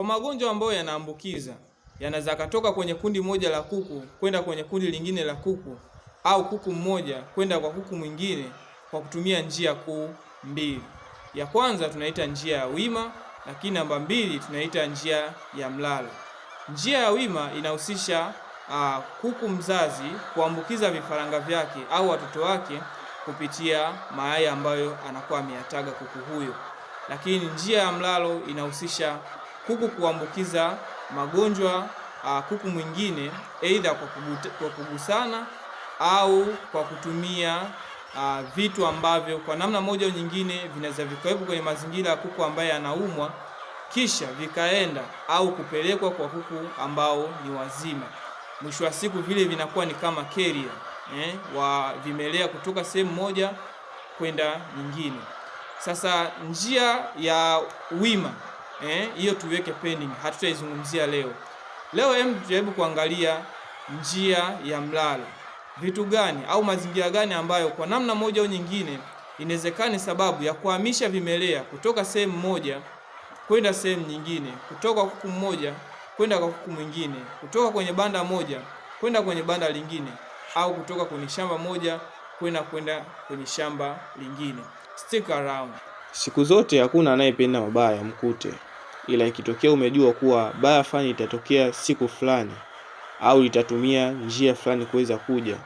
Kwa magonjwa ambayo yanaambukiza yanaweza katoka kwenye kundi moja la kuku kwenda kwenye kundi lingine la kuku au kuku mmoja kwenda kwa kuku mwingine kwa kutumia njia kuu mbili. Ya kwanza tunaita njia ya wima, lakini namba mbili tunaita njia ya mlalo. Njia ya wima inahusisha uh, kuku mzazi kuambukiza vifaranga vyake au watoto wake kupitia mayai ambayo anakuwa ameyataga kuku huyo, lakini njia ya mlalo inahusisha kuku kuambukiza magonjwa a, ah, kuku mwingine aidha kwa kugusana au kwa kutumia a, ah, vitu ambavyo kwa namna moja au nyingine vinaweza vikawepo kwenye mazingira ya kuku ambaye anaumwa kisha vikaenda au kupelekwa kwa kuku ambao ni wazima. Mwisho wa siku vile vinakuwa ni kama carrier eh, wa vimelea kutoka sehemu moja kwenda nyingine. Sasa njia ya wima Eh, hiyo tuweke tuiweke pending, hatutaizungumzia leo. Leo hem tujaribu kuangalia njia ya mlala, vitu gani au mazingira gani ambayo kwa namna moja au nyingine inawezekana sababu ya kuhamisha vimelea kutoka sehemu moja kwenda sehemu nyingine, kutoka kuku mmoja kwenda kwa kuku mwingine, kutoka kwenye banda moja kwenda kwenye banda lingine, au kutoka kwenye shamba moja kwenda kwenda kwenye shamba lingine. Stick around. Siku zote hakuna anayependa mabaya mkute ila ikitokea umejua kuwa baya fulani itatokea siku fulani au itatumia njia fulani kuweza kuja,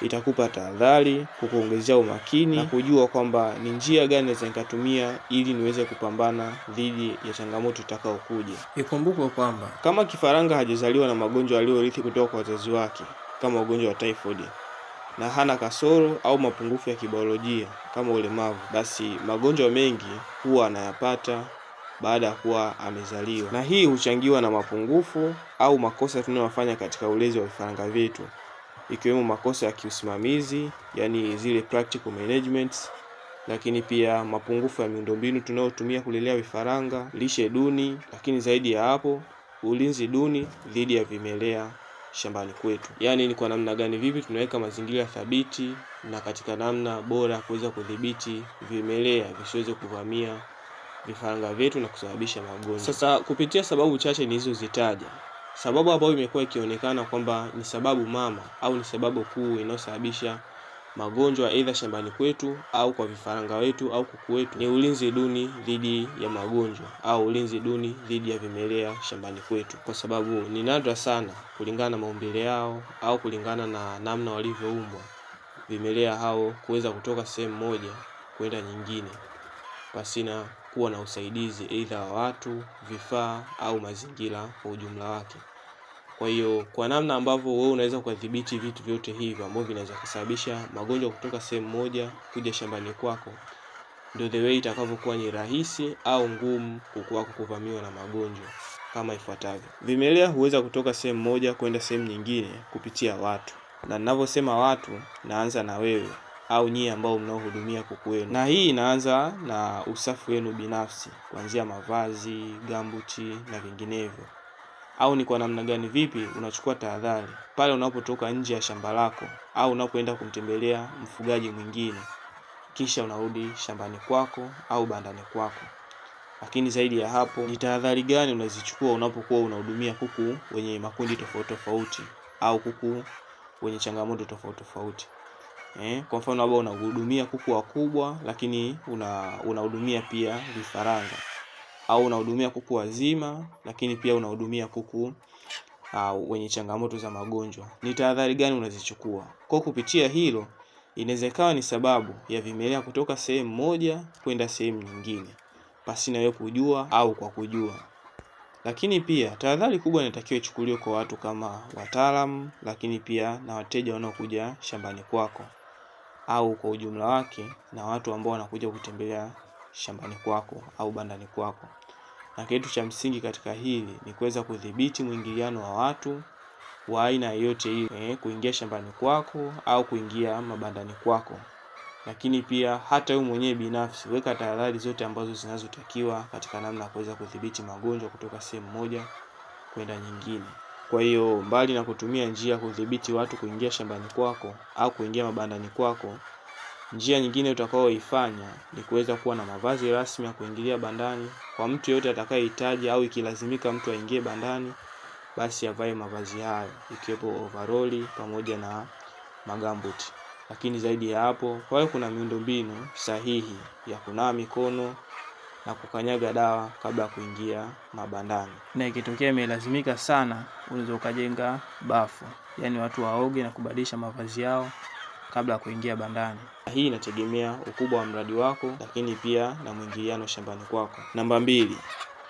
itakupa tahadhari, kukuongezea umakini na kujua kwamba ni njia gani naweza nikatumia ili niweze kupambana dhidi ya changamoto itakayokuja. Ikumbukwe kwamba kama kifaranga hajazaliwa na magonjwa aliyorithi kutoka kwa wazazi wake kama ugonjwa wa typhoid na hana kasoro au mapungufu ya kibiolojia kama ulemavu, basi magonjwa mengi huwa anayapata baada ya kuwa amezaliwa, na hii huchangiwa na mapungufu au makosa tunayofanya katika ulezi wa vifaranga vyetu, ikiwemo makosa ya kiusimamizi, yani zile practical management, lakini pia mapungufu ya miundombinu tunayotumia kulelea vifaranga, lishe duni, lakini zaidi ya hapo ulinzi duni dhidi ya vimelea shambani kwetu. Yaani ni kwa namna gani, vipi tunaweka mazingira thabiti na katika namna bora ya kuweza kudhibiti vimelea visiweze kuvamia vifaranga vyetu na kusababisha magonjwa. Sasa kupitia sababu chache nilizozitaja, sababu ambayo imekuwa ikionekana kwamba ni sababu mama au ni sababu kuu inayosababisha magonjwa aidha shambani kwetu au kwa vifaranga wetu au kuku wetu ni ulinzi duni dhidi ya magonjwa au ulinzi duni dhidi ya vimelea shambani kwetu, kwa sababu ni nadra sana, kulingana na maumbile yao au kulingana na namna walivyoumbwa, vimelea hao kuweza kutoka sehemu moja kwenda nyingine pasina kuwa na usaidizi aidha wa watu, vifaa au mazingira kwa ujumla wake. Kwa hiyo kwa namna ambavyo wewe unaweza kudhibiti vitu vyote hivi ambavyo vinaweza kusababisha magonjwa kutoka sehemu moja kuja shambani kwako, ndio the way itakavyokuwa ni rahisi au ngumu kuku wako kuvamiwa na magonjwa kama ifuatavyo. Vimelea huweza kutoka sehemu moja kwenda sehemu nyingine kupitia watu, na ninavyosema watu, naanza na wewe au nyie ambao mnaohudumia kuku wenu, na hii inaanza na usafi wenu binafsi, kuanzia mavazi, gambuti na vinginevyo. Au ni kwa namna gani, vipi unachukua tahadhari pale unapotoka nje ya shamba lako au unapoenda kumtembelea mfugaji mwingine, kisha unarudi shambani kwako au bandani kwako. Lakini zaidi ya hapo, ni tahadhari gani unazichukua unapokuwa unahudumia kuku wenye makundi tofauti tofauti au kuku wenye changamoto tofauti tofauti? Eh, kwa mfano labda unahudumia kuku wakubwa lakini unahudumia pia vifaranga au unahudumia kuku wazima lakini pia unahudumia kuku uh, wenye changamoto za magonjwa. Ni tahadhari gani unazichukua? Kwa kupitia hilo inaweza ikawa ni sababu ya vimelea kutoka sehemu moja kwenda sehemu nyingine pasina wewe kujua au kwa kujua. Lakini pia tahadhari kubwa inatakiwa ichukuliwe kwa watu kama wataalamu, lakini pia na wateja wanaokuja shambani kwako au kwa ujumla wake na watu ambao wanakuja kutembelea shambani kwako au bandani kwako. Na kitu cha msingi katika hili ni kuweza kudhibiti mwingiliano wa watu wa aina yoyote ile eh, kuingia shambani kwako au kuingia mabandani kwako. Lakini pia hata wewe mwenyewe binafsi weka tahadhari zote ambazo zinazotakiwa katika namna ya kuweza kudhibiti magonjwa kutoka sehemu moja kwenda nyingine. Kwa hiyo mbali na kutumia njia kudhibiti watu kuingia shambani kwako au kuingia mabandani kwako, njia nyingine utakayoifanya ni kuweza kuwa na mavazi rasmi ya kuingilia bandani. Kwa mtu yeyote atakayehitaji au ikilazimika mtu aingie bandani, basi avae mavazi hayo ikiwepo ovaroli pamoja na magambuti. Lakini zaidi ya hapo, hiyo kuna miundombinu sahihi ya kunawa mikono na kukanyaga dawa kabla ya kuingia mabandani. Na ikitokea imelazimika sana, unaweza ukajenga bafu, yaani watu waoge na kubadilisha mavazi yao kabla ya kuingia bandani. Hii inategemea ukubwa wa mradi wako, lakini pia na mwingiliano shambani kwako. Namba mbili,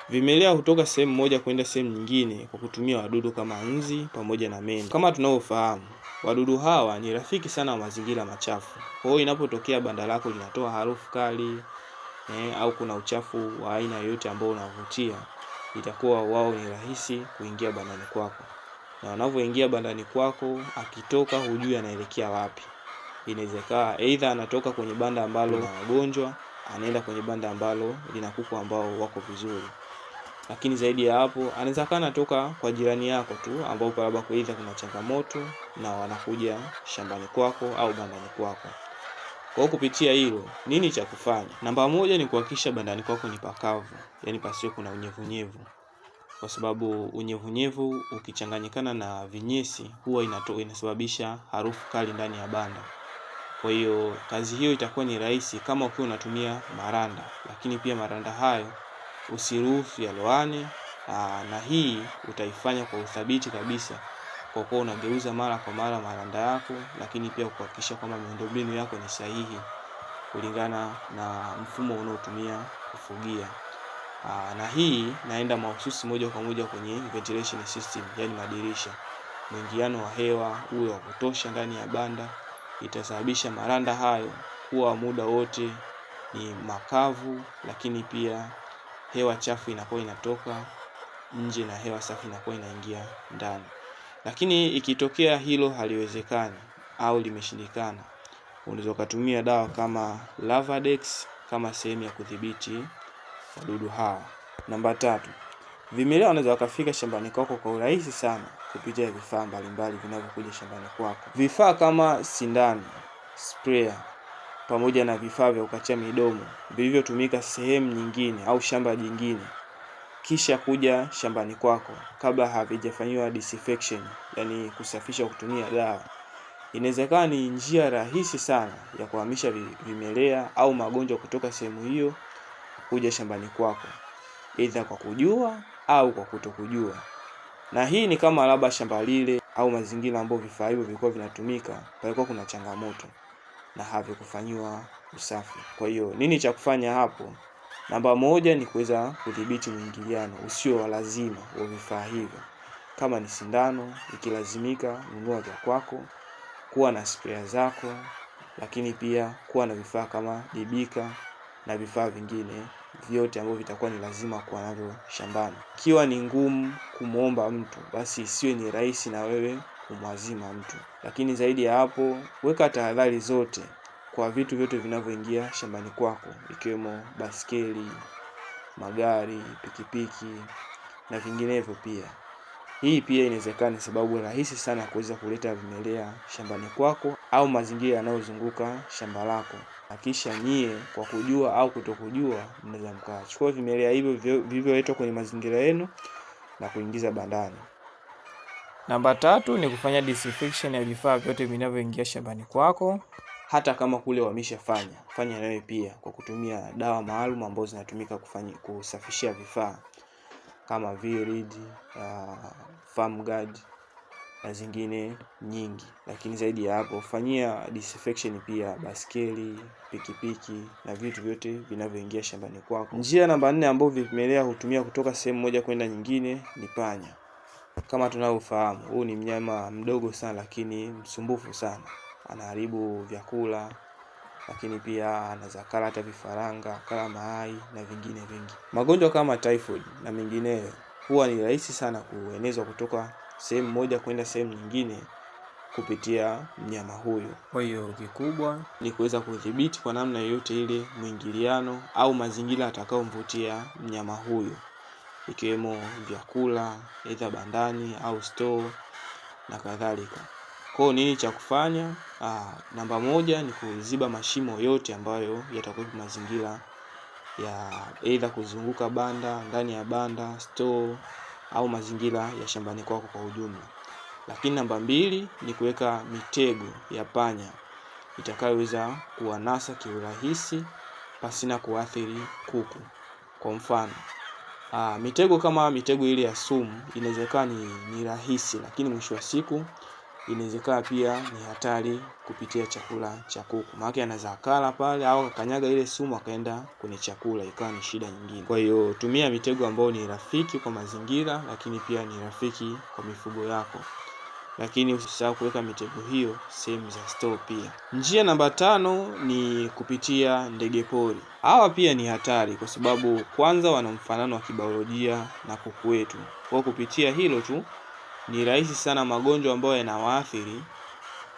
vimelea hutoka sehemu moja kwenda sehemu nyingine kwa kutumia wadudu kama nzi pamoja na mende. Kama tunavyofahamu, wadudu hawa ni rafiki sana wa mazingira machafu. Kwa hiyo inapotokea banda lako linatoa harufu kali eh, au kuna uchafu wa aina yoyote ambao unavutia, itakuwa wao ni rahisi kuingia bandani kwako, na wanavyoingia bandani kwako, akitoka hujui anaelekea wapi. Inawezekana aidha anatoka kwenye banda ambalo na wagonjwa anaenda kwenye banda ambalo lina kuku ambao wako vizuri, lakini zaidi ya hapo anaweza kana anatoka kwa jirani yako tu ambao labda aidha kuna changamoto na wanakuja shambani kwako au bandani kwako. Kwa kupitia hilo, nini cha kufanya? Namba moja ni kuhakikisha bandani kwako ni pakavu, yani pasiwe kuna unyevunyevu, kwa sababu unyevunyevu ukichanganyikana na vinyesi huwa inato, inasababisha harufu kali ndani ya banda. Kwa hiyo kazi hiyo itakuwa ni rahisi kama ukiwa unatumia maranda, lakini pia maranda hayo usiruhusu yaloane, na hii utaifanya kwa uthabiti kabisa kwa kuwa unageuza mara kwa mara maranda yako, lakini pia kuhakikisha kwamba miundombinu yako ni sahihi kulingana na mfumo unaotumia kufugia. Aa, na hii naenda mahususi moja kwa moja kwenye ventilation system, yani madirisha. Mwingiano wa hewa uwe wa kutosha ndani ya banda itasababisha maranda hayo kuwa muda wote ni makavu, lakini pia hewa chafu inakuwa inatoka nje na hewa safi inakuwa inaingia ndani. Lakini ikitokea hilo haliwezekani au limeshindikana, unaweza ukatumia dawa kama Lavadex kama sehemu ya kudhibiti wadudu hawa. Namba tatu, vimelea wanaweza wakafika shambani kwako kwa urahisi sana kupitia vifaa mbalimbali vinavyokuja shambani kwako. Vifaa kama sindano, sprayer pamoja na vifaa vya kukatia midomo vilivyotumika sehemu nyingine au shamba jingine kisha kuja shambani kwako kabla havijafanyiwa disinfection, yani kusafisha kutumia dawa. Inawezekana ni njia rahisi sana ya kuhamisha vimelea au magonjwa kutoka sehemu hiyo kuja shambani kwako, aidha kwa kujua au kwa kutokujua. Na hii ni kama labda shamba lile au mazingira ambayo vifaa hivyo vilikuwa vinatumika palikuwa kuna changamoto na havikufanyiwa usafi. Kwa hiyo nini cha kufanya hapo? Namba moja ni kuweza kudhibiti mwingiliano usio wa lazima wa vifaa hivyo. Kama ni sindano, ikilazimika nunua vya kwako, kuwa na sprayer zako, lakini pia kuwa na vifaa kama dibika na vifaa vingine vyote ambavyo vitakuwa ni lazima kuwa navyo shambani. Ikiwa ni ngumu kumwomba mtu, basi isiwe ni rahisi na wewe kumwazima mtu, lakini zaidi ya hapo, weka tahadhari zote kwa vitu vyote vinavyoingia shambani kwako ikiwemo baskeli, magari, pikipiki na vinginevyo pia. Hii pia inawezekana ni sababu rahisi sana kuweza kuleta vimelea shambani kwako au mazingira yanayozunguka shamba lako, na kisha nyie kwa kujua au kutokujua mnaweza mkachukua vimelea hivyo vilivyoletwa kwenye mazingira yenu na kuingiza bandani. Namba tatu ni kufanya disinfection ya vifaa vyote vinavyoingia shambani kwako hata kama kule wameshafanya fanya wewe pia kwa kutumia dawa maalum ambazo zinatumika kufanya kusafishia vifaa kama virid uh, ah, farmguard na zingine nyingi, lakini zaidi ya hapo fanyia disinfection pia baskeli, pikipiki na vitu vyote vinavyoingia shambani kwako. Njia namba nne ambayo vimelea hutumia kutoka sehemu moja kwenda nyingine ni panya. Kama tunavyofahamu, huu ni mnyama mdogo sana, lakini msumbufu sana anaharibu vyakula, lakini pia anaweza kala hata vifaranga, kala mayai na vingine vingi. Magonjwa kama typhoid na mengineyo huwa ni rahisi sana kuenezwa kutoka sehemu moja kwenda sehemu nyingine kupitia mnyama huyu. Kwa hiyo kikubwa ni kuweza kudhibiti kwa namna yoyote ile mwingiliano au mazingira atakayomvutia mnyama huyu, ikiwemo vyakula, aidha bandani au store na kadhalika. Kwa hiyo nini cha kufanya? Aa, ah, namba moja ni kuziba mashimo yote ambayo yatakuwa mazingira ya aidha kuzunguka banda, ndani ya banda, store au mazingira ya shambani kwako kwa ujumla. Lakini namba mbili ni kuweka mitego ya panya itakayoweza kuwanasa kiurahisi pasina kuathiri kuku. Kwa mfano, ah, mitego kama mitego ile ya sumu inawezekana ni, ni rahisi, lakini mwisho wa siku inawezekana pia ni hatari kupitia chakula cha kuku, maana anaweza akala pale au akanyaga ile sumu akaenda kwenye chakula ikawa ni shida nyingine. Kwa hiyo tumia mitego ambayo ni rafiki kwa mazingira, lakini pia ni rafiki kwa mifugo yako, lakini usisahau kuweka mitego hiyo sehemu za store pia. Njia namba tano ni kupitia ndege pori. Hawa pia ni hatari kwa sababu kwanza wana mfanano wa kibiolojia na kuku wetu, kwa kupitia hilo tu ni rahisi sana magonjwa ambayo yanawaathiri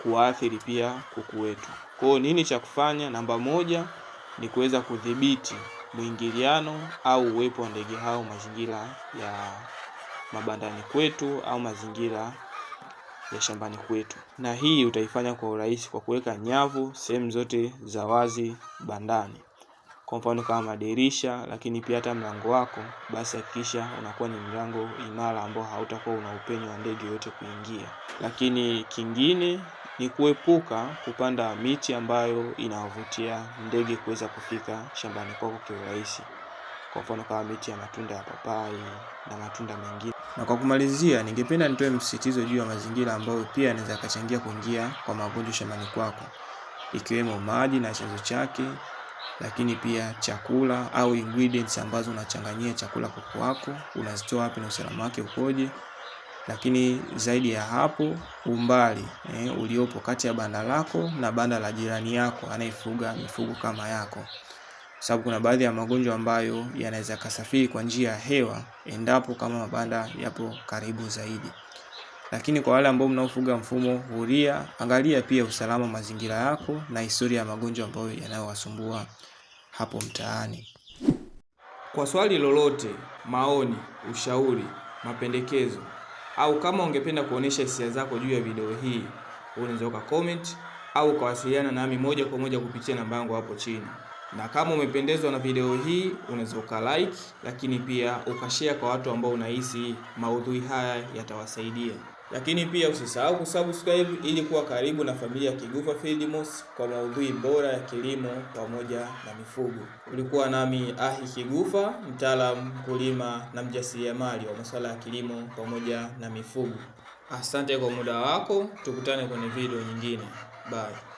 kuwaathiri pia kuku wetu. Kwa hiyo nini cha kufanya? Namba moja ni kuweza kudhibiti mwingiliano au uwepo wa ndege hao mazingira ya mabandani kwetu au mazingira ya shambani kwetu, na hii utaifanya kwa urahisi kwa kuweka nyavu sehemu zote za wazi bandani kwa mfano kama madirisha, lakini pia hata mlango wako, basi hakikisha unakuwa ni mlango imara ambao hautakuwa una upenyo wa ndege yoyote kuingia. Lakini kingine ni kuepuka kupanda miti ambayo inawavutia ndege kuweza kufika shambani kwako kiurahisi, kwa mfano kama miti ya matunda ya papai na matunda mengine. Na kwa kumalizia, ningependa nitoe msisitizo juu ya mazingira ambayo pia yanaweza yakachangia kuingia kwa magonjwa shambani kwako, ikiwemo maji na chanzo chake lakini pia chakula au ingredients ambazo unachanganyia chakula kuku wako unazitoa wapi na usalama wake ukoje, lakini zaidi ya hapo umbali eh, uliopo kati ya banda lako na banda la jirani yako anayefuga mifugo kama yako, sababu kuna baadhi ya magonjwa ambayo yanaweza kasafiri kwa njia ya hewa endapo kama mabanda yapo karibu zaidi. Lakini kwa wale ambao mnaofuga mfumo huria, angalia pia usalama mazingira yako na historia ya magonjwa ambayo yanayowasumbua hapo mtaani. Kwa swali lolote, maoni, ushauri, mapendekezo au kama ungependa kuonesha hisia zako juu ya video hii, unaweza uka comment au ukawasiliana nami moja kwa moja kupitia namba yangu hapo chini. Na kama umependezwa na video hii, unaweza uka like, lakini pia ukashare kwa watu ambao unahisi maudhui haya yatawasaidia. Lakini pia usisahau kusubscribe ili kuwa karibu na familia ya Kigufa Fieldmost kwa maudhui bora ya kilimo pamoja na mifugo. Ulikuwa nami Ahi Kigufa, mtaalamu mkulima na mjasiriamali wa masuala ya kilimo pamoja na mifugo. Asante kwa muda wako, tukutane kwenye video nyingine. Bye.